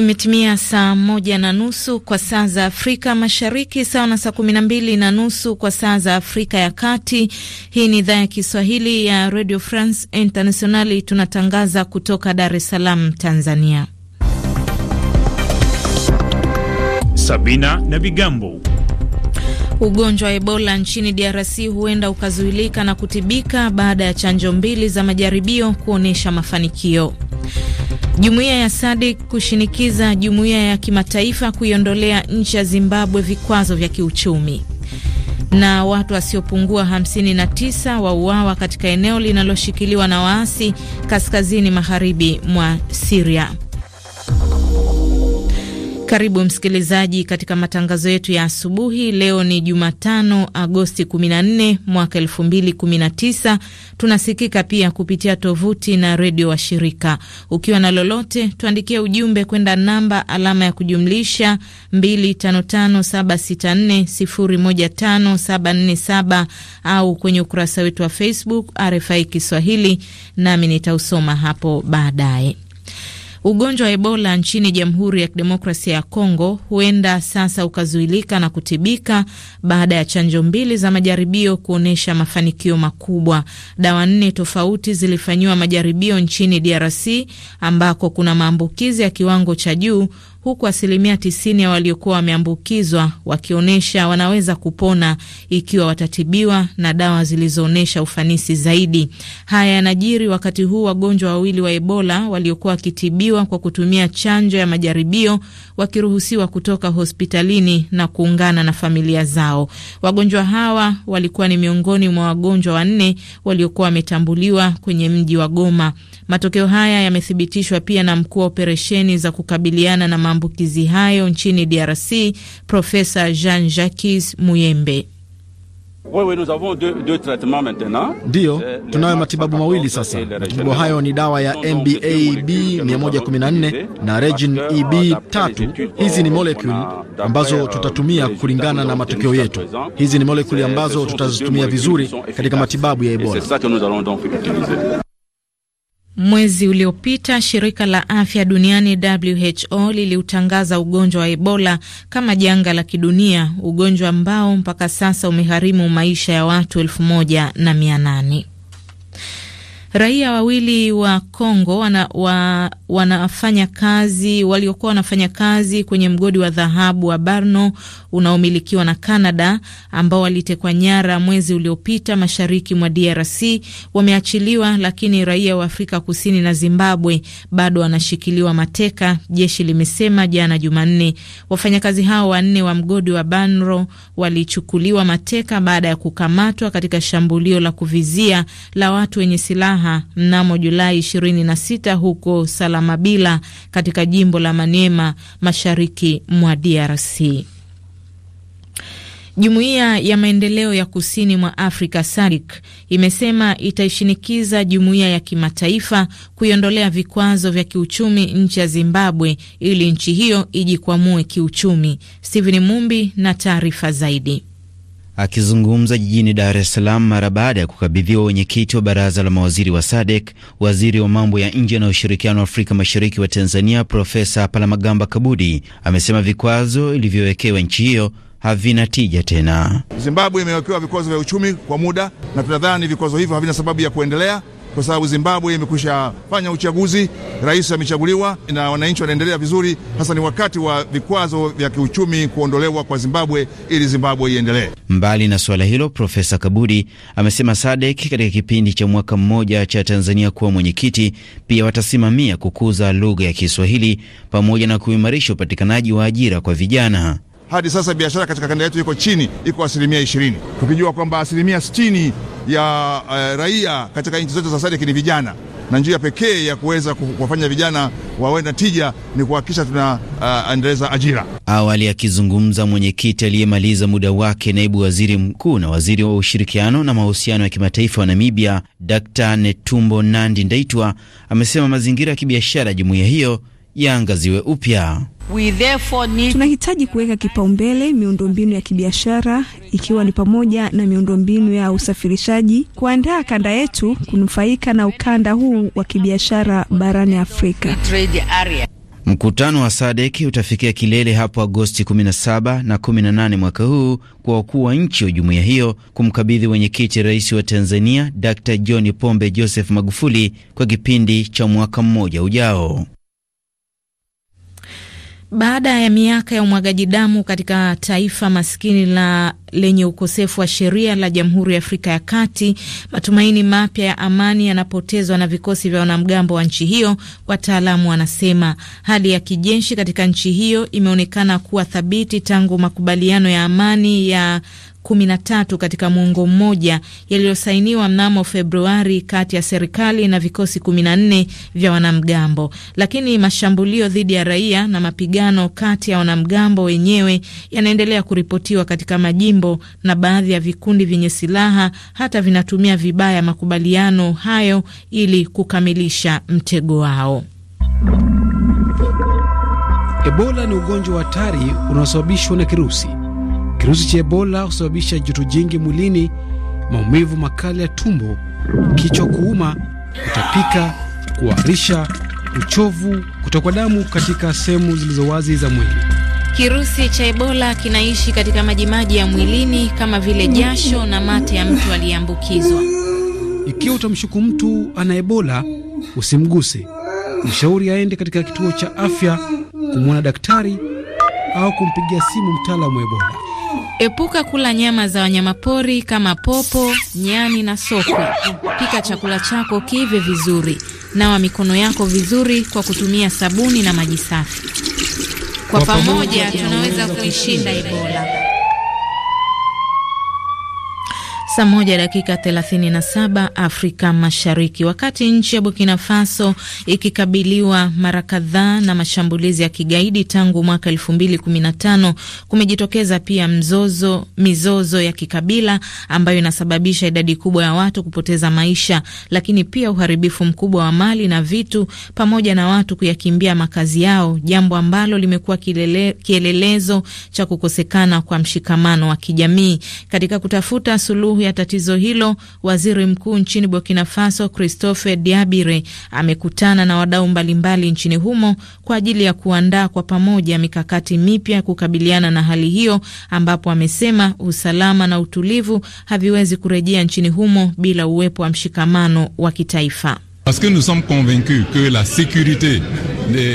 Imetimia saa moja na nusu kwa saa za Afrika Mashariki, sawa na saa kumi na mbili na nusu kwa saa za Afrika ya Kati. Hii ni idhaa ya Kiswahili ya Radio France Internationali, tunatangaza kutoka Dar es Salaam, Tanzania. Sabina na Vigambo. Ugonjwa wa Ebola nchini DRC huenda ukazuilika na kutibika baada ya chanjo mbili za majaribio kuonyesha mafanikio. Jumuiya ya SADC kushinikiza jumuiya ya kimataifa kuiondolea nchi ya Zimbabwe vikwazo vya kiuchumi. Na watu wasiopungua 59 wauawa katika eneo linaloshikiliwa na waasi kaskazini magharibi mwa siria karibu msikilizaji katika matangazo yetu ya asubuhi. Leo ni Jumatano, Agosti 14 mwaka 2019. Tunasikika pia kupitia tovuti na redio wa shirika. Ukiwa na lolote, tuandikie ujumbe kwenda namba alama ya kujumlisha 255764015747 au kwenye ukurasa wetu wa Facebook RFI Kiswahili, nami nitausoma hapo baadaye. Ugonjwa wa Ebola nchini Jamhuri ya Kidemokrasia ya Kongo huenda sasa ukazuilika na kutibika baada ya chanjo mbili za majaribio kuonyesha mafanikio makubwa. Dawa nne tofauti zilifanyiwa majaribio nchini DRC ambako kuna maambukizi ya kiwango cha juu huku asilimia tisini ya waliokuwa wameambukizwa wakionyesha wanaweza kupona ikiwa watatibiwa na dawa zilizoonyesha ufanisi zaidi. Haya yanajiri wakati huu wagonjwa wawili wa Ebola waliokuwa wakitibiwa kwa kutumia chanjo ya majaribio wakiruhusiwa kutoka hospitalini na kuungana na familia zao. Wagonjwa hawa walikuwa ni miongoni mwa wagonjwa wanne waliokuwa wametambuliwa kwenye mji wa Goma. Matokeo haya yamethibitishwa pia na mkuu wa operesheni za kukabiliana na maambukizi hayo nchini DRC, Profesa Jean Jacques Muyembe. Ndiyo, eh, tunayo matibabu mawili sasa. Matibabu hayo ni dawa ya MBAB 114 na Regin EB e 3. Hizi ni molekuli ambazo euh, tutatumia kulingana na matokeo yetu. Hizi ni molekuli eh, ambazo tutazitumia vizuri katika matibabu ya Ebola. Mwezi uliopita shirika la afya duniani WHO liliutangaza ugonjwa wa Ebola kama janga la kidunia, ugonjwa ambao mpaka sasa umeharimu maisha ya watu elfu moja na mia nane. Raia wawili wa Kongo wana, wa, wanafanya kazi waliokuwa wanafanya kazi kwenye mgodi wa dhahabu wa Barno unaomilikiwa na Canada ambao walitekwa nyara mwezi uliopita mashariki mwa DRC wameachiliwa, lakini raia wa Afrika Kusini na Zimbabwe bado wanashikiliwa mateka, jeshi limesema jana Jumanne. Wafanyakazi hao wanne wa mgodi wa Barno walichukuliwa mateka baada ya kukamatwa katika shambulio la kuvizia la watu wenye silaha silaha mnamo Julai 26 huko Salamabila katika jimbo la Maniema mashariki mwa DRC. Jumuiya ya maendeleo ya kusini mwa Afrika SADC imesema itaishinikiza jumuiya ya kimataifa kuiondolea vikwazo vya kiuchumi nchi ya Zimbabwe ili nchi hiyo ijikwamue kiuchumi. Stephen Mumbi na taarifa zaidi. Akizungumza jijini Dar es Salaam mara baada ya kukabidhiwa wenyekiti wa baraza la mawaziri wa SADC, waziri wa mambo ya nje na ushirikiano wa Afrika Mashariki wa Tanzania Profesa Palamagamba Kabudi amesema vikwazo ilivyowekewa nchi hiyo havina tija tena. Zimbabwe imewekewa vikwazo vya uchumi kwa muda, na tunadhani vikwazo hivyo havina sababu ya kuendelea kwa sababu Zimbabwe imekwisha fanya uchaguzi, rais amechaguliwa na wananchi wanaendelea vizuri. Hasa ni wakati wa vikwazo vya kiuchumi kuondolewa kwa Zimbabwe ili Zimbabwe iendelee. Mbali na suala hilo, Profesa Kabudi amesema SADC katika kipindi cha mwaka mmoja cha Tanzania kuwa mwenyekiti pia watasimamia kukuza lugha ya Kiswahili pamoja na kuimarisha upatikanaji wa ajira kwa vijana hadi sasa biashara katika kanda yetu iko chini, iko asilimia ishirini, tukijua kwamba asilimia sitini ya uh, raia katika nchi zote za SADC ni vijana, na njia pekee ya kuweza kuwafanya vijana wawe na tija ni kuhakikisha tunaendeleza eh, uh, ajira. Awali akizungumza mwenyekiti aliyemaliza muda wake, naibu waziri mkuu na waziri wa ushirikiano na mahusiano ya kimataifa wa Namibia, Dkt. Netumbo Nandi Ndaitwa amesema mazingira ya kibiashara jumuiya hiyo yaangaziwe upya tunahitaji kuweka kipaumbele miundombinu ya kibiashara ikiwa ni pamoja na miundombinu ya usafirishaji, kuandaa kanda yetu kunufaika na ukanda huu wa kibiashara barani Afrika. Mkutano wa SADC utafikia kilele hapo Agosti 17 na 18 mwaka huu kwa wakuu wa nchi wa jumuiya hiyo kumkabidhi mwenyekiti rais wa Tanzania Dr. John Pombe Joseph Magufuli kwa kipindi cha mwaka mmoja ujao. Baada ya miaka ya umwagaji damu katika taifa maskini la lenye ukosefu wa sheria la Jamhuri ya Afrika ya Kati, matumaini mapya ya amani yanapotezwa na vikosi vya wanamgambo wa nchi hiyo. Wataalamu wanasema hali ya kijeshi katika nchi hiyo imeonekana kuwa thabiti tangu makubaliano ya amani ya 13 katika muongo mmoja yaliyosainiwa mnamo Februari kati ya serikali na vikosi 14 vya wanamgambo, lakini mashambulio dhidi ya raia na mapigano kati ya wanamgambo wenyewe yanaendelea kuripotiwa katika majimbo, na baadhi ya vikundi vyenye silaha hata vinatumia vibaya makubaliano hayo ili kukamilisha mtego wao. Ebola ni ugonjwa wa hatari unaosababishwa na kirusi Kirusi cha Ebola husababisha joto jingi mwilini, maumivu makali ya tumbo, kichwa kuuma, kutapika, kuharisha, uchovu, kutokwa damu katika sehemu zilizo wazi za mwili. Kirusi cha Ebola kinaishi katika majimaji ya mwilini kama vile jasho na mate ya mtu aliyeambukizwa. Ikiwa utamshuku mtu ana Ebola, usimguse. Mshauri aende katika kituo cha afya kumwona daktari au kumpigia simu mtaalamu wa Ebola. Epuka kula nyama za wanyamapori kama popo, nyani na sokwe. Pika chakula chako kiive vizuri. Nawa mikono yako vizuri kwa kutumia sabuni na maji safi. Kwa pamoja tunaweza kuishinda Ebola. Saa moja dakika 37 Afrika Mashariki. Wakati nchi ya Burkina Faso ikikabiliwa mara kadhaa na mashambulizi ya kigaidi tangu mwaka 2015, kumejitokeza pia mzozo, mizozo ya kikabila ambayo inasababisha idadi kubwa ya watu kupoteza maisha, lakini pia uharibifu mkubwa wa mali na vitu, pamoja na watu kuyakimbia makazi yao, jambo ambalo limekuwa kielelezo cha kukosekana kwa mshikamano wa kijamii katika kutafuta suluhu suluhu ya tatizo hilo, waziri mkuu nchini Burkina Faso Christophe Diabire amekutana na wadau mbalimbali nchini humo kwa ajili ya kuandaa kwa pamoja mikakati mipya ya kukabiliana na hali hiyo, ambapo amesema usalama na utulivu haviwezi kurejea nchini humo bila uwepo wa mshikamano wa kitaifa. Parce que nous sommes convaincus que la sécurité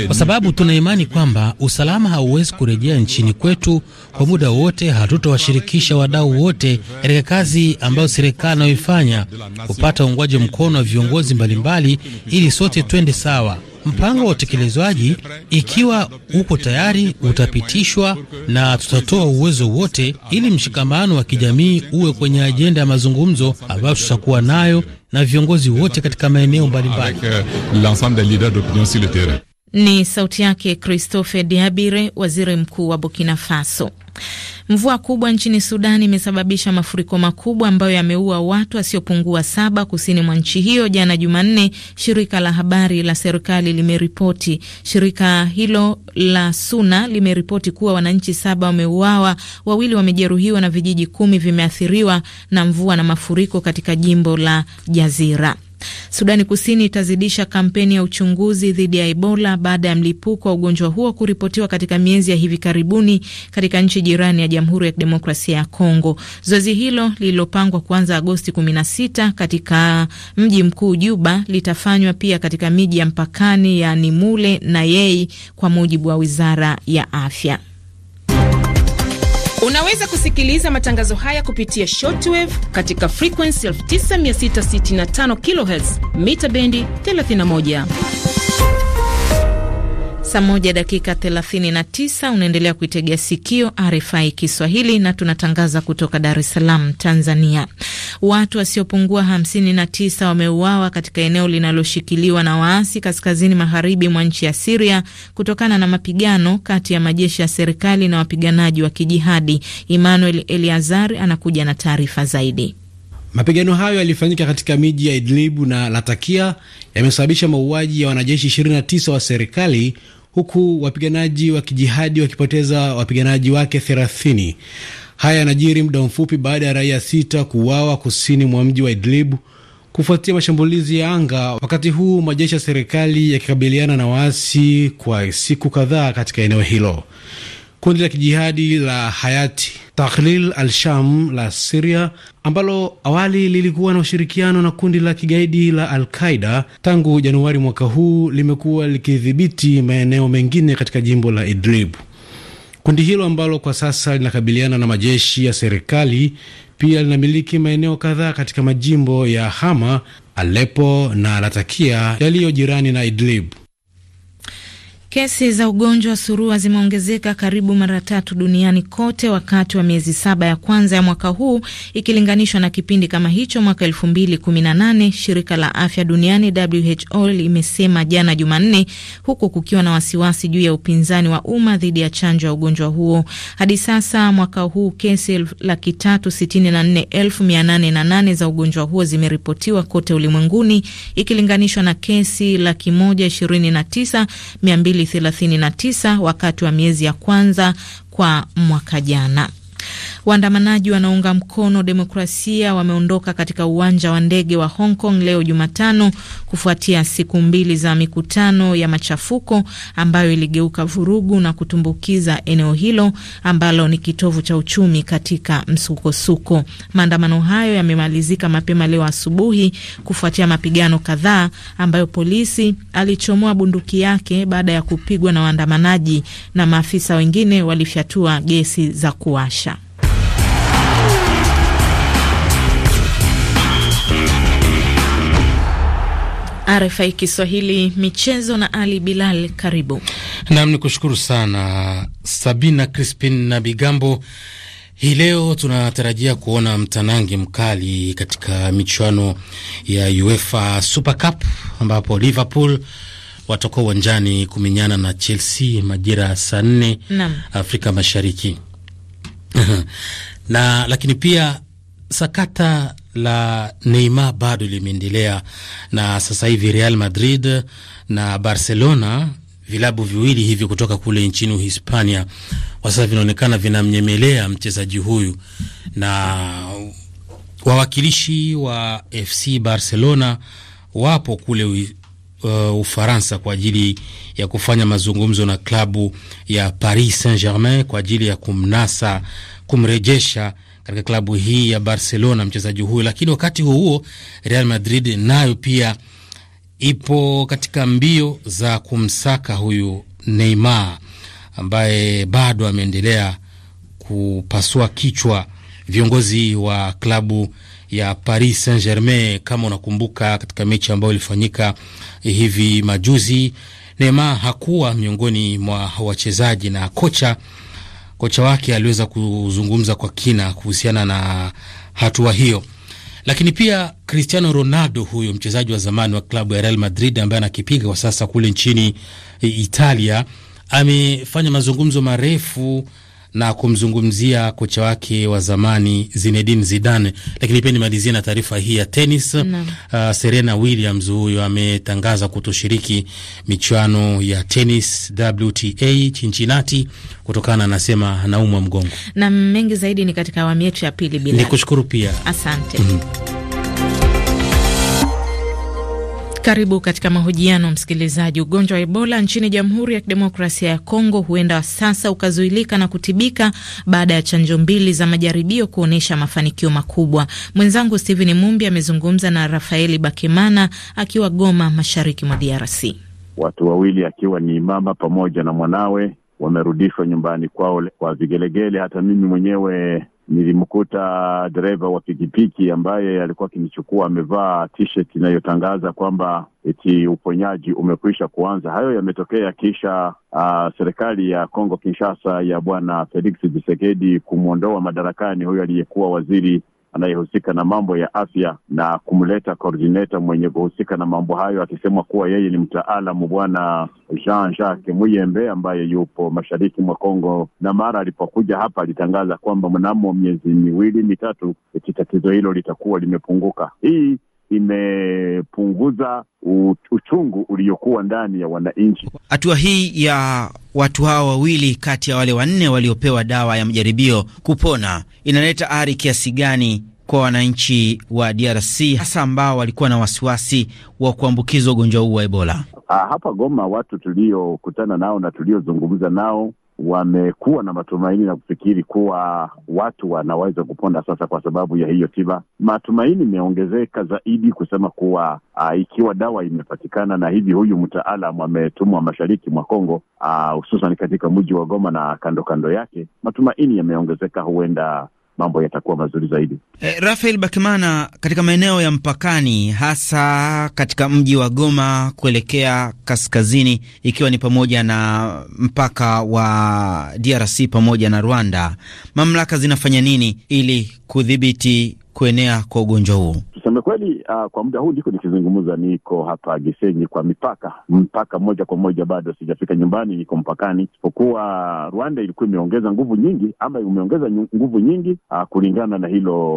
Kwa sababu tuna imani kwamba usalama hauwezi kurejea nchini kwetu kwa muda wote. Hatutawashirikisha wadau wote katika kazi ambayo serikali anayoifanya, kupata uungwaji mkono wa viongozi mbalimbali, ili sote twende sawa. Mpango wa utekelezwaji, ikiwa uko tayari, utapitishwa na tutatoa uwezo wote ili mshikamano wa kijamii uwe kwenye ajenda ya mazungumzo ambayo tutakuwa nayo na viongozi wote katika maeneo mbalimbali. Euh, Ni sauti yake Christophe Diabire, waziri mkuu wa Burkina Faso. Mvua kubwa nchini Sudan imesababisha mafuriko makubwa ambayo yameua watu wasiopungua saba kusini mwa nchi hiyo jana Jumanne, shirika la habari la serikali limeripoti. Shirika hilo la SUNA limeripoti kuwa wananchi saba wameuawa, wawili wamejeruhiwa na vijiji kumi vimeathiriwa na mvua na mafuriko katika jimbo la Jazira. Sudani Kusini itazidisha kampeni ya uchunguzi dhidi ya Ebola baada ya mlipuko wa ugonjwa huo kuripotiwa katika miezi ya hivi karibuni katika nchi jirani ya Jamhuri ya Kidemokrasia ya Kongo. Zoezi hilo lililopangwa kuanza Agosti 16 katika mji mkuu Juba litafanywa pia katika miji ya mpakani ya Nimule na Yei, kwa mujibu wa wizara ya afya. Unaweza kusikiliza matangazo haya kupitia shortwave katika frequency 9665 kHz mita bendi 31. Saa moja dakika 39, unaendelea kuitegea sikio RFI Kiswahili na tunatangaza kutoka Dar es Salaam, Tanzania. Watu wasiopungua 59 wameuawa katika eneo linaloshikiliwa na waasi kaskazini magharibi mwa nchi ya Siria kutokana na mapigano kati ya majeshi ya serikali na wapiganaji wa kijihadi. Emmanuel Eliazar anakuja na taarifa zaidi. Mapigano hayo yalifanyika katika miji ya Idlibu na Latakia, yamesababisha mauaji ya wanajeshi 29 wa serikali huku wapiganaji wa kijihadi wakipoteza wapiganaji wake 30. Haya yanajiri muda mfupi baada ya raia sita kuuawa kusini mwa mji wa Idlib kufuatia mashambulizi ya anga, wakati huu majeshi ya serikali yakikabiliana na waasi kwa siku kadhaa katika eneo hilo. Kundi la kijihadi la Hayati Tahrir al-Sham la Siria ambalo awali lilikuwa na ushirikiano na kundi la kigaidi la Al-Qaida tangu Januari mwaka huu limekuwa likidhibiti maeneo mengine katika jimbo la Idlib. Kundi hilo ambalo kwa sasa linakabiliana na majeshi ya serikali pia linamiliki maeneo kadhaa katika majimbo ya Hama, alepo na Latakia yaliyo jirani na Idlib. Kesi za ugonjwa wa surua zimeongezeka karibu mara tatu duniani kote wakati wa miezi saba ya kwanza ya mwaka huu ikilinganishwa na kipindi kama hicho mwaka elfu shirika la afya duniani WHO limesema jana Jumanne, huku kukiwa na wasiwasi juu ya upinzani wa umma dhidi ya chanjo ya ugonjwa huo. Hadi sasa mwaka huu kesi laki tatu sitini na nne elfu mia nane na nane za ugonjwa huo zimeripotiwa kote ulimwenguni ikilinganishwa na kesi laki moja ishirini na tisa mia mbili 39 wakati wa miezi ya kwanza kwa mwaka jana. Waandamanaji wanaunga mkono demokrasia wameondoka katika uwanja wa ndege wa Hong Kong leo Jumatano kufuatia siku mbili za mikutano ya machafuko ambayo iligeuka vurugu na kutumbukiza eneo hilo ambalo ni kitovu cha uchumi katika msukosuko. Maandamano hayo yamemalizika mapema leo asubuhi kufuatia mapigano kadhaa ambayo polisi alichomoa bunduki yake baada ya kupigwa na waandamanaji na maafisa wengine walifyatua gesi za kuwasha. RFI Kiswahili michezo na Ali Bilal, karibu nam. Ni kushukuru sana Sabina Crispin na Bigambo. Hii leo tunatarajia kuona mtanangi mkali katika michuano ya UEFA Super Cup ambapo Liverpool watakuwa uwanjani kuminyana na Chelsea majira ya saa nne Afrika Mashariki na lakini pia sakata la Neymar bado limeendelea na sasa hivi Real Madrid na Barcelona, vilabu viwili hivi kutoka kule nchini Uhispania, kwa sasa vinaonekana vinamnyemelea mchezaji huyu, na wawakilishi wa FC Barcelona wapo kule u, uh, Ufaransa kwa ajili ya kufanya mazungumzo na klabu ya Paris Saint-Germain kwa ajili ya kumnasa kumrejesha katika klabu hii ya Barcelona mchezaji huyo, lakini wakati huo huo Real Madrid nayo pia ipo katika mbio za kumsaka huyu Neymar ambaye bado ameendelea kupasua kichwa viongozi wa klabu ya Paris Saint Germain. Kama unakumbuka katika mechi ambayo ilifanyika hivi majuzi, Neymar hakuwa miongoni mwa wachezaji na kocha kocha wake aliweza kuzungumza kwa kina kuhusiana na hatua hiyo. Lakini pia Cristiano Ronaldo, huyo mchezaji wa zamani wa klabu ya Real Madrid ambaye anakipiga kwa sasa kule nchini Italia, amefanya mazungumzo marefu na kumzungumzia kocha wake wa zamani Zinedine Zidane. Lakini pia nimalizie na taarifa hii ya tenis. Uh, Serena Williams huyo ametangaza kutoshiriki michuano ya tenis WTA Chinchinati kutokana anasema anaumwa mgongo. Na mengi zaidi ni katika awamu yetu ya pili bila. Nikushukuru pia. Asante. Mm -hmm. Karibu katika mahojiano msikilizaji. Ugonjwa wa Ebola nchini Jamhuri ya Kidemokrasia ya Kongo huenda sasa ukazuilika na kutibika baada ya chanjo mbili za majaribio kuonyesha mafanikio makubwa. Mwenzangu Steven Mumbi amezungumza na Rafaeli Bakemana akiwa Goma, mashariki mwa DRC. Watu wawili akiwa ni mama pamoja na mwanawe wamerudishwa nyumbani kwao kwa vigelegele. Hata mimi mwenyewe nilimkuta dereva wa pikipiki ambaye alikuwa akinichukua amevaa t-shirt inayotangaza kwamba eti uponyaji umekwisha kuanza. Hayo yametokea kisha uh, serikali ya Kongo Kinshasa ya Bwana Felix chisekedi kumwondoa madarakani huyo aliyekuwa waziri anayehusika na mambo ya afya na kumleta koordineta mwenye kuhusika na mambo hayo, akisema kuwa yeye ni mtaalamu Bwana Jean Jacques Muyembe ambaye yupo mashariki mwa Kongo, na mara alipokuja hapa alitangaza kwamba mnamo miezi miwili mitatu tatizo hilo litakuwa limepunguka. Hii imepunguza uchungu uliokuwa ndani ya wananchi. Hatua hii ya watu hawa wawili kati ya wale wanne waliopewa dawa ya majaribio kupona inaleta ari kiasi gani kwa wananchi wa DRC hasa ambao walikuwa na wasiwasi wa kuambukizwa ugonjwa huu wa Ebola? Ha, ah, hapa Goma watu tuliokutana nao na tuliozungumza nao wamekuwa na matumaini na kufikiri kuwa watu wanaweza kuponda sasa kwa sababu ya hiyo tiba. Matumaini imeongezeka zaidi kusema kuwa uh, ikiwa dawa imepatikana na hivi, huyu mtaalamu ametumwa mashariki mwa Kongo, ah, hususan uh, katika mji wa Goma na kando kando yake, matumaini yameongezeka, huenda mambo yatakuwa mazuri zaidi. E, Rafael Bakimana, katika maeneo ya mpakani hasa katika mji wa Goma kuelekea kaskazini, ikiwa ni pamoja na mpaka wa DRC pamoja na Rwanda, mamlaka zinafanya nini ili kudhibiti kuenea kwa ugonjwa huu? Kusema kweli, uh, kwa muda huu ndiko nikizungumza, niko hapa Gisenyi kwa mipaka, mpaka moja kwa moja, bado sijafika nyumbani, niko mpakani, isipokuwa Rwanda ilikuwa imeongeza nguvu nyingi ama imeongeza nguvu nyingi uh, kulingana na hilo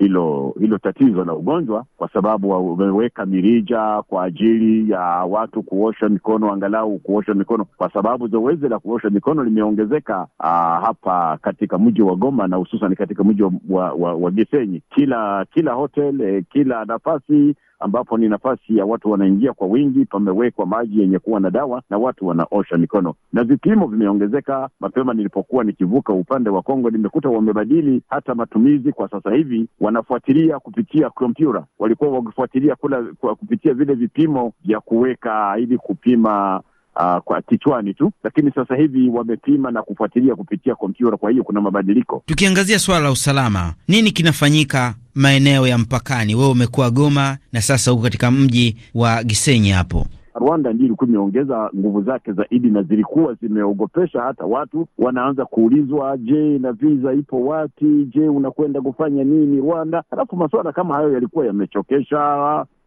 hilo hilo tatizo la ugonjwa, kwa sababu wameweka mirija kwa ajili ya watu kuosha mikono, angalau kuosha mikono, kwa sababu zoezi la kuosha mikono limeongezeka ah, hapa katika mji wa Goma na hususan katika mji wa, wa, wa Gisenyi. Kila kila hotel, eh, kila nafasi ambapo ni nafasi ya watu wanaingia kwa wingi, pamewekwa maji yenye kuwa na dawa na watu wanaosha mikono, na vipimo vimeongezeka. Mapema nilipokuwa nikivuka upande wa Kongo, nimekuta wamebadili hata matumizi. Kwa sasa hivi wanafuatilia kupitia kompyuta, walikuwa wakifuatilia kula kupitia vile vipimo vya kuweka ili kupima uh, kwa kichwani tu, lakini sasa hivi wamepima na kufuatilia kupitia kompyuta. Kwa hiyo kuna mabadiliko. Tukiangazia suala la usalama, nini kinafanyika maeneo ya mpakani? Wewe umekuwa Goma na sasa uko katika mji wa Gisenyi hapo Rwanda ndiyo ilikuwa imeongeza nguvu zake zaidi, na zilikuwa zimeogopesha hata watu wanaanza kuulizwa, je, na visa ipo wapi? Je, unakwenda kufanya nini Rwanda? Halafu masuala kama hayo yalikuwa yamechokesha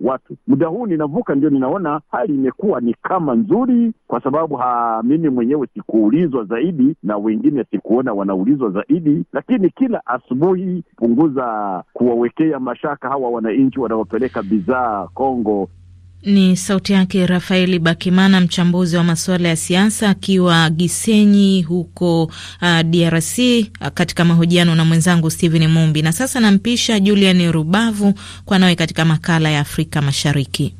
watu. Muda huu ninavuka, ndio ninaona hali imekuwa ni kama nzuri, kwa sababu ha, mimi mwenyewe sikuulizwa zaidi na wengine sikuona wanaulizwa zaidi, lakini kila asubuhi punguza kuwawekea mashaka hawa wananchi wanaopeleka bidhaa Kongo ni sauti yake Rafaeli Bakimana, mchambuzi wa masuala ya siasa akiwa Gisenyi huko uh, DRC uh, katika mahojiano na mwenzangu Steven Mumbi. Na sasa nampisha Julian Rubavu kwa nawe katika makala ya Afrika Mashariki.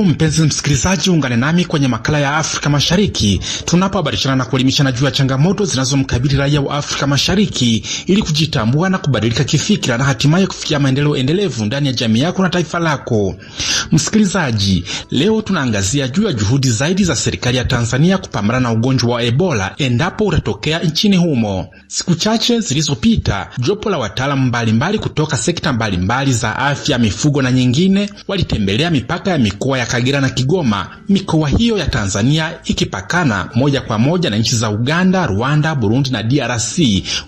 Karibu mpenzi msikilizaji, ungane nami kwenye makala ya Afrika Mashariki tunapohabarishana na kuelimishana juu ya changamoto zinazomkabili raia wa Afrika Mashariki ili kujitambua na kubadilika kifikira na hatimaye kufikia maendeleo endelevu ndani ya jamii yako na taifa lako. Msikilizaji, leo tunaangazia juu ya juhudi zaidi za serikali ya Tanzania kupambana na ugonjwa wa Ebola endapo utatokea nchini humo. Siku chache zilizopita, jopo la wataalamu mbalimbali kutoka sekta mbalimbali mbali za afya, mifugo na nyingine walitembelea mipaka ya mikoa ya Kagera na Kigoma, mikoa hiyo ya Tanzania ikipakana moja kwa moja na nchi za Uganda, Rwanda, Burundi na DRC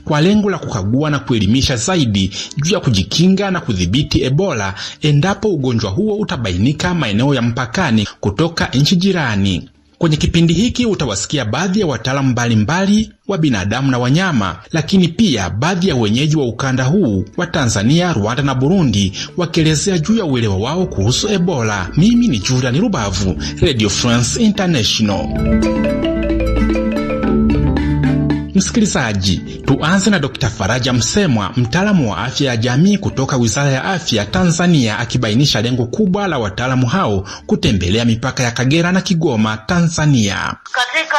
kwa lengo la kukagua na kuelimisha zaidi juu ya kujikinga na kudhibiti Ebola endapo ugonjwa huo utabainika maeneo ya mpakani kutoka nchi jirani. Kwenye kipindi hiki utawasikia baadhi ya wataalamu mbalimbali wa binadamu na wanyama, lakini pia baadhi ya wenyeji wa ukanda huu wa Tanzania, Rwanda na Burundi wakielezea juu ya uelewa wao kuhusu Ebola. Mimi ni Julian Rubavu, Radio France International. Msikilizaji, tuanze na Dr. Faraja Msemwa, mtaalamu wa afya ya jamii kutoka Wizara ya Afya Tanzania, akibainisha lengo kubwa la wataalamu hao kutembelea mipaka ya Kagera na Kigoma, Tanzania. Katika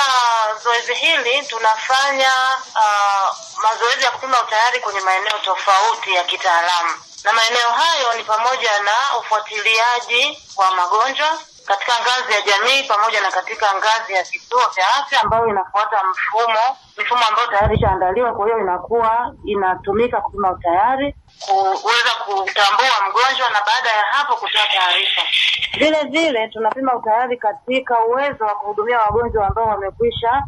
zoezi hili tunafanya uh, mazoezi ya kupima utayari kwenye maeneo tofauti ya kitaalamu, na maeneo hayo ni pamoja na ufuatiliaji wa magonjwa katika ngazi ya jamii pamoja na katika ngazi ya kituo cha afya ambayo inafuata mfumo mifumo ambayo tayari ishaandaliwa. Kwa hiyo inakuwa inatumika kupima utayari, kuweza kutambua mgonjwa na baada ya hapo kutoa taarifa. Vile vile tunapima utayari katika uwezo wa kuhudumia wagonjwa ambao wamekwisha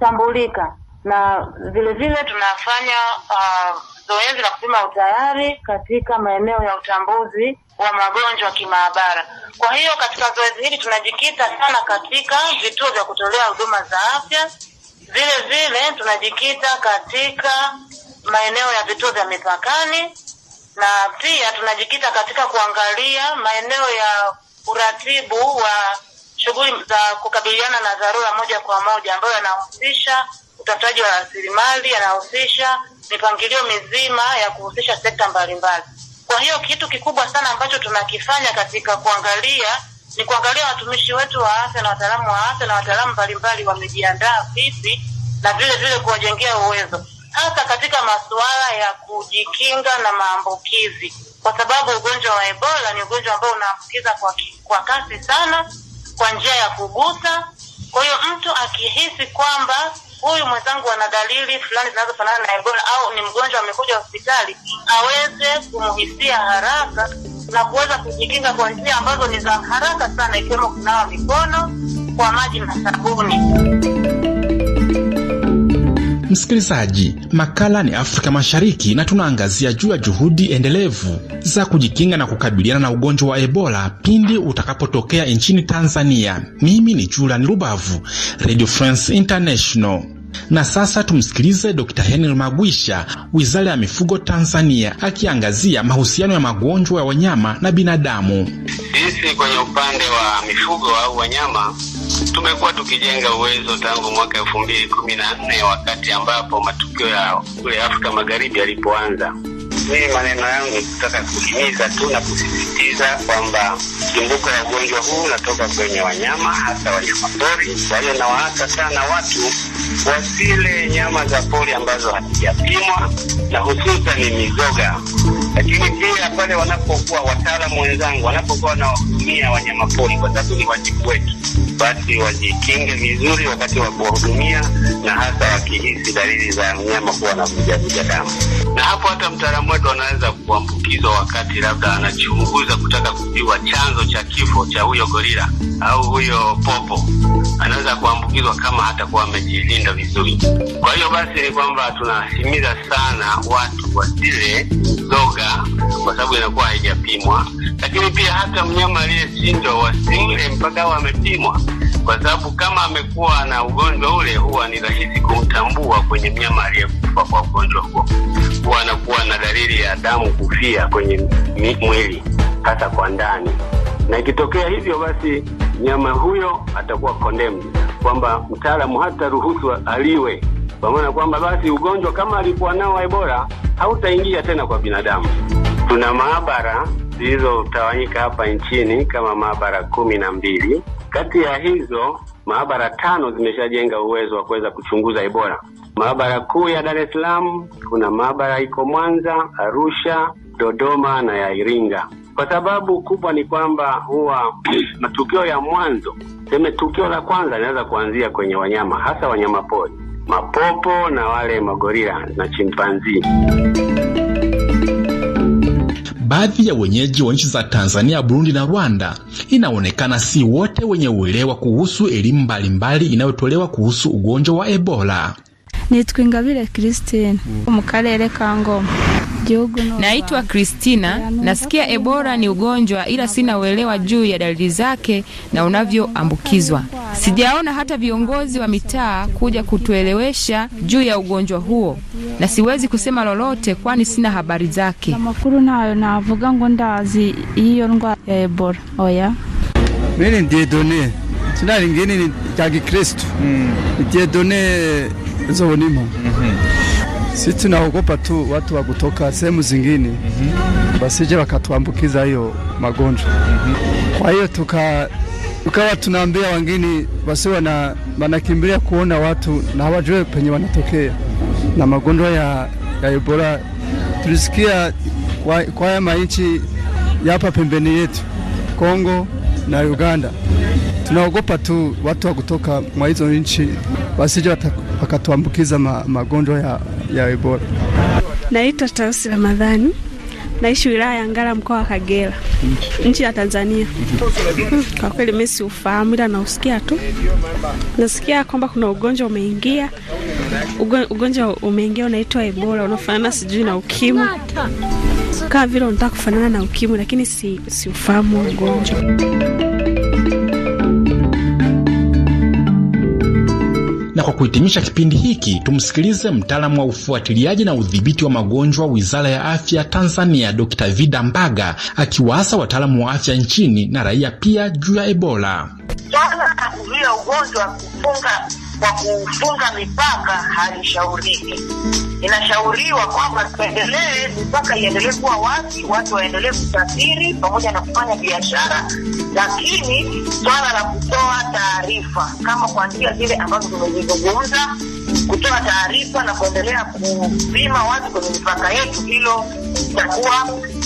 tambulika, na vile vile tunafanya uh, zoezi la kupima utayari katika maeneo ya utambuzi wa magonjwa kimaabara. Kwa hiyo katika zoezi hili tunajikita sana katika vituo vya kutolea huduma za afya, vile vile tunajikita katika maeneo ya vituo vya mipakani, na pia tunajikita katika kuangalia maeneo ya uratibu wa shughuli za kukabiliana na dharura moja kwa moja ambayo yanahusisha utafutaji wa rasilimali, yanahusisha mipangilio mizima ya kuhusisha sekta mbalimbali. Kwa hiyo kitu kikubwa sana ambacho tunakifanya katika kuangalia ni kuangalia watumishi wetu wa afya na wataalamu wa afya na wataalamu mbalimbali wamejiandaa vipi, na vile vile kuwajengea uwezo hasa katika masuala ya kujikinga na maambukizi, kwa sababu ugonjwa wa Ebola ni ugonjwa ambao unaambukiza kwa, kwa kasi sana kwa njia ya kugusa. Kwa hiyo mtu akihisi kwamba huyu mwenzangu ana dalili fulani zinazofanana na Ebola au ni mgonjwa amekuja hospitali, aweze kumhisia haraka na kuweza kujikinga kwa njia ambazo ni za haraka sana, ikiwemo kunawa mikono kwa maji na sabuni. Msikilizaji, makala ni Afrika Mashariki na tunaangazia juu ya juhudi endelevu za kujikinga na kukabiliana na ugonjwa wa Ebola pindi utakapotokea nchini Tanzania. Mimi ni Julian Rubavu, Radio France International. Na sasa tumsikilize Dr. Henry Magwisha, Wizara ya Mifugo Tanzania, akiangazia mahusiano ya magonjwa ya wanyama na binadamu. Sisi kwenye upande wa mifugo au wanyama tumekuwa tukijenga uwezo tangu mwaka elfu mbili kumi na nne wakati ambapo matukio ya kule Afrika Magharibi yalipoanza mimi maneno yangu nataka kuhimiza tu na kusisitiza kwamba mzumbuko ya ugonjwa huu unatoka kwenye wanyama, hasa wanyama pori. Kwa hiyo nawaasa sana watu wasile nyama za pori ambazo hazijapimwa na ni mizoga, lakini pia pale wanapokuwa wataalamu wenzangu wanapokuwa wanawahudumia wanyama pori, kwa sababu ni wajibu wetu basi wajikinge vizuri wakati wa kuwahudumia, na hasa wakihisi dalili za mnyama kuwa na vujavuja damu. Na hapo hata mtaalamu wetu anaweza kuambukizwa wakati labda anachunguza kutaka kujua chanzo cha kifo cha huyo gorila au huyo popo, anaweza kuambukizwa kama hatakuwa amejilinda vizuri. Kwa hiyo basi ni kwamba tunahimiza sana watu wasile zoga kwa sababu inakuwa haijapimwa, lakini pia hata mnyama aliyechinjwa wasimle mpaka awe amepimwa kwa sababu kama amekuwa na ugonjwa ule, huwa ni rahisi kumtambua kwenye mnyama aliyekufa kwa ugonjwa huo. Huwa anakuwa na dalili ya damu kufia kwenye mwili, hasa kwa ndani, na ikitokea hivyo basi mnyama huyo atakuwa condemned, kwamba mtaalamu hata ruhusu aliwe, kwa maana kwamba basi ugonjwa kama alikuwa nao Ebola hautaingia tena kwa binadamu. Tuna maabara zilizotawanyika hapa nchini kama maabara kumi na mbili kati ya hizo maabara tano zimeshajenga uwezo wa kuweza kuchunguza Ebola. Maabara kuu ya Dar es Salaam, kuna maabara iko Mwanza, Arusha, Dodoma na ya Iringa. Kwa sababu kubwa ni kwamba huwa matukio ya mwanzo, seme tukio la kwanza linaweza kuanzia kwenye wanyama, hasa wanyama pori, mapopo na wale magorila na chimpanzii baadhi ya wenyeji wa nchi za Tanzania, Burundi na Rwanda, inaonekana si wote wenye uelewa kuhusu elimu mbalimbali inayotolewa kuhusu ugonjwa wa Ebola. Nitwa Christine mm. mu ka Ngoma. Naitwa Kristina, nasikia Ebola ni ugonjwa ila sina uelewa juu ya dalili zake na unavyoambukizwa. Sijaona hata viongozi wa mitaa kuja kutuelewesha juu ya ugonjwa huo na siwezi kusema lolote, kwani sina habari zake. Makuru nayo navuga ngo ndazi iyo ndwa ya Ebola oya mimi ndiye done sinari lingine ni ya Kikristo mm. ndiye done zonimo mhm. si tunaogopa tu watu wa kutoka sehemu zingine mm -hmm. basije wakatuambukiza hiyo magonjwa mm -hmm. kwa hiyo tuka tukawa tunaambia wengine wasi wanakimbilia kuona watu na hawajue penye wanatokea na magonjwa ya, ya Ebola. Tulisikia kwa, kwa ya mainchi yapa pembeni yetu Kongo na Uganda. Tunaogopa tu watu wa kutoka mwa hizo nchi wasije wakatuambukiza ma, magonjwa ya, ya Ebola. Naitwa Tausi Ramadhani, naishi wilaya ya Ngara, mkoa wa Kagera, nchi ya Tanzania. Kwa kweli mimi ufahamu, ila nausikia tu, nasikia kwamba kuna ugonjwa umeingia ugonjwa umeingia unaitwa Ebola unafanana sijui na ukimwi, kama vile unataka kufanana na ukimwi, lakini si, si ufahamu ugonjwa na kwa kuhitimisha kipindi hiki tumsikilize mtaalamu wa ufuatiliaji na udhibiti wa magonjwa Wizara ya Afya Tanzania, Dr. Vida Mbaga akiwaasa wataalamu wa afya nchini na raia pia juu ya Ebola. Jana ugonjwa kufunga kwa kufunga mipaka halishauriki. Inashauriwa kwamba tuendelee, mipaka iendelee kuwa wazi, watu waendelee kusafiri pamoja na kufanya biashara, lakini swala la kutoa taarifa kama kwa njia zile ambazo tumezizungumza kutoa taarifa na kuendelea kupima watu kwenye mipaka yetu, hilo litakuwa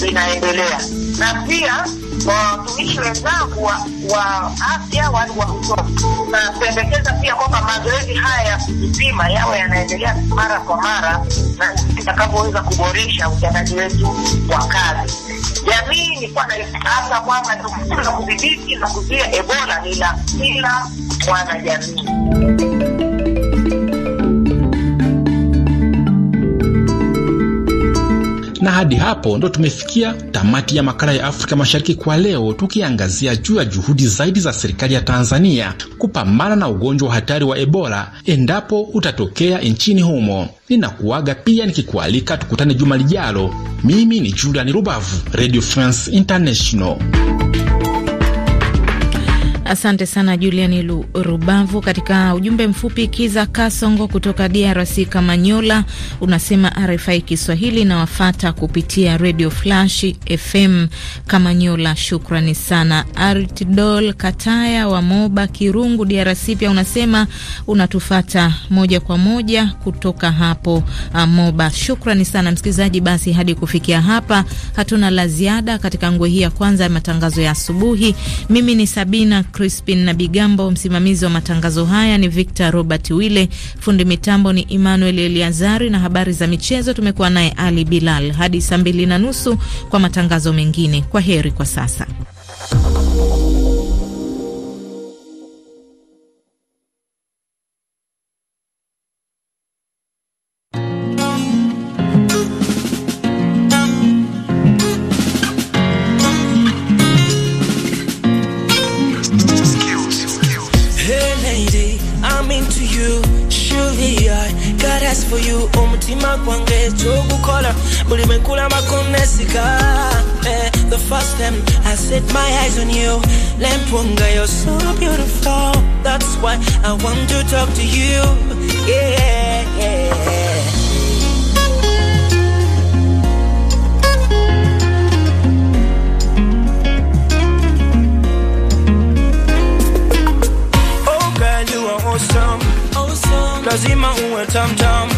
linaendelea. Na pia watumishi wenzangu wa, wa afya wale wa usomi, napendekeza pia kwamba mazoezi haya ya kujipima yawe yanaendelea mara kwa mara, na itakavyoweza kuboresha utendaji wetu wa kazi. Jamii nikuwa naasa kwamba ni la kudhibiti na kuzuia Ebola ni la kila mwanajamii. Na hadi hapo ndo tumefikia tamati ya makala ya Afrika Mashariki kwa leo, tukiangazia juu ya juhudi zaidi za serikali ya Tanzania kupambana na ugonjwa wa hatari wa Ebola endapo utatokea nchini humo. Ninakuaga pia nikikualika tukutane juma lijalo. Mimi ni Julian Rubavu, Radio France International. Asante sana Julian Rubavu. Katika ujumbe mfupi, Kiza Kasongo kutoka DRC Kamanyola unasema RFI Kiswahili inawafata kupitia Radio Flash FM Kamanyola, shukrani sana. Artdol Kataya wa Moba Kirungu, DRC pia unasema unatufata moja kwa moja kutoka hapo uh, Moba. Shukrani sana msikilizaji. Basi hadi kufikia hapa hatuna la ziada katika ngwe hii ya kwanza ya matangazo ya asubuhi. Mimi ni Sabina Crispin na Bigambo. Msimamizi wa matangazo haya ni Victor Robert Wille, fundi mitambo ni Emmanuel Eliazari, na habari za michezo tumekuwa naye Ali Bilal. Hadi saa mbili na nusu kwa matangazo mengine, kwa heri kwa sasa. Lempunga, eh, the first time I set my eyes on you. Lempunga, you're so beautiful. That's why I want to talk to you. Yeah, yeah. Oh, awesome. Awesome. Lazima uwe tam tam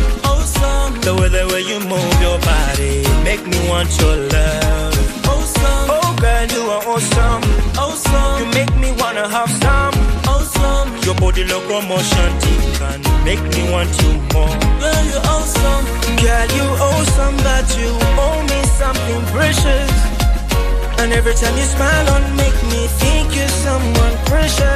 the way the way you move your body make me want your love. Awesome. Oh girl, you are awesome. Awesome. You make me wanna have some. Awesome. Your body locomotion can make me want you more. Girl, you awesome. Girl, you awesome but you owe me something precious. And every time you smile on, make me think you're someone precious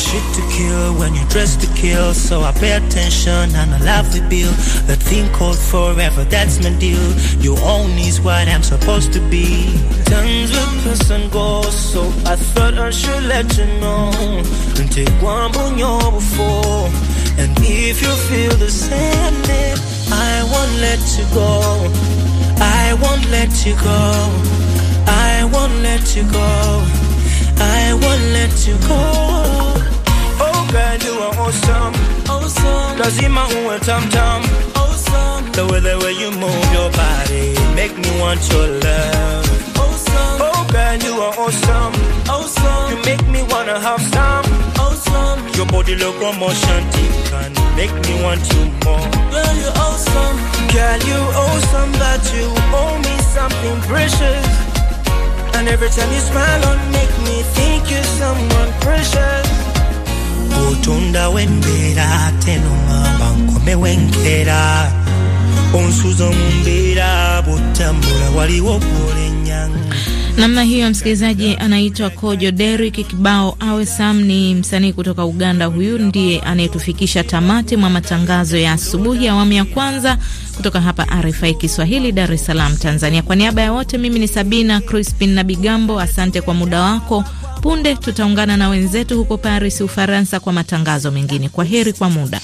shit to kill when you dress to kill. So I pay attention and I love the bill. The thing called forever, that's my deal. You own is what I'm supposed to be. Times a person goes, so I thought I should let you know. And take one bunyo before. And if you feel the same, then I won't let you go. I won't let you go. I won't let you go. I won't let you go. Girl, you are awesome. Awesome. Lazima uwe tam tam. Awesome. The way the way you move your body make me want your love. Awesome. Oh girl, you are awesome. Awesome. You make me wanna have some. Awesome. Your body locomotion can make me want you more. Girl, you awesome. Girl, you awesome that you owe me something precious. And every time you smile on, make me think you're someone precious. otunda w'embeera tenumamba nkome w'enkeera onsuza mu mbeera bw'otambula waliwo bwolennyanga namna hiyo. Msikilizaji anaitwa Kojo Derrick, kibao awe Sam ni msanii kutoka Uganda. Huyu ndiye anayetufikisha tamati mwa matangazo ya asubuhi ya awamu ya kwanza kutoka hapa RFI Kiswahili, Dar es Salaam, Tanzania. Kwa niaba ya wote, mimi ni Sabina Crispin na Bigambo, asante kwa muda wako. Punde tutaungana na wenzetu huko Paris, Ufaransa, kwa matangazo mengine. Kwa heri kwa muda.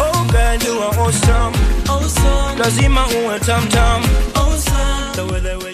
Oh girl, you are awesome. Awesome. Lazima uwe tamtam. Awesome.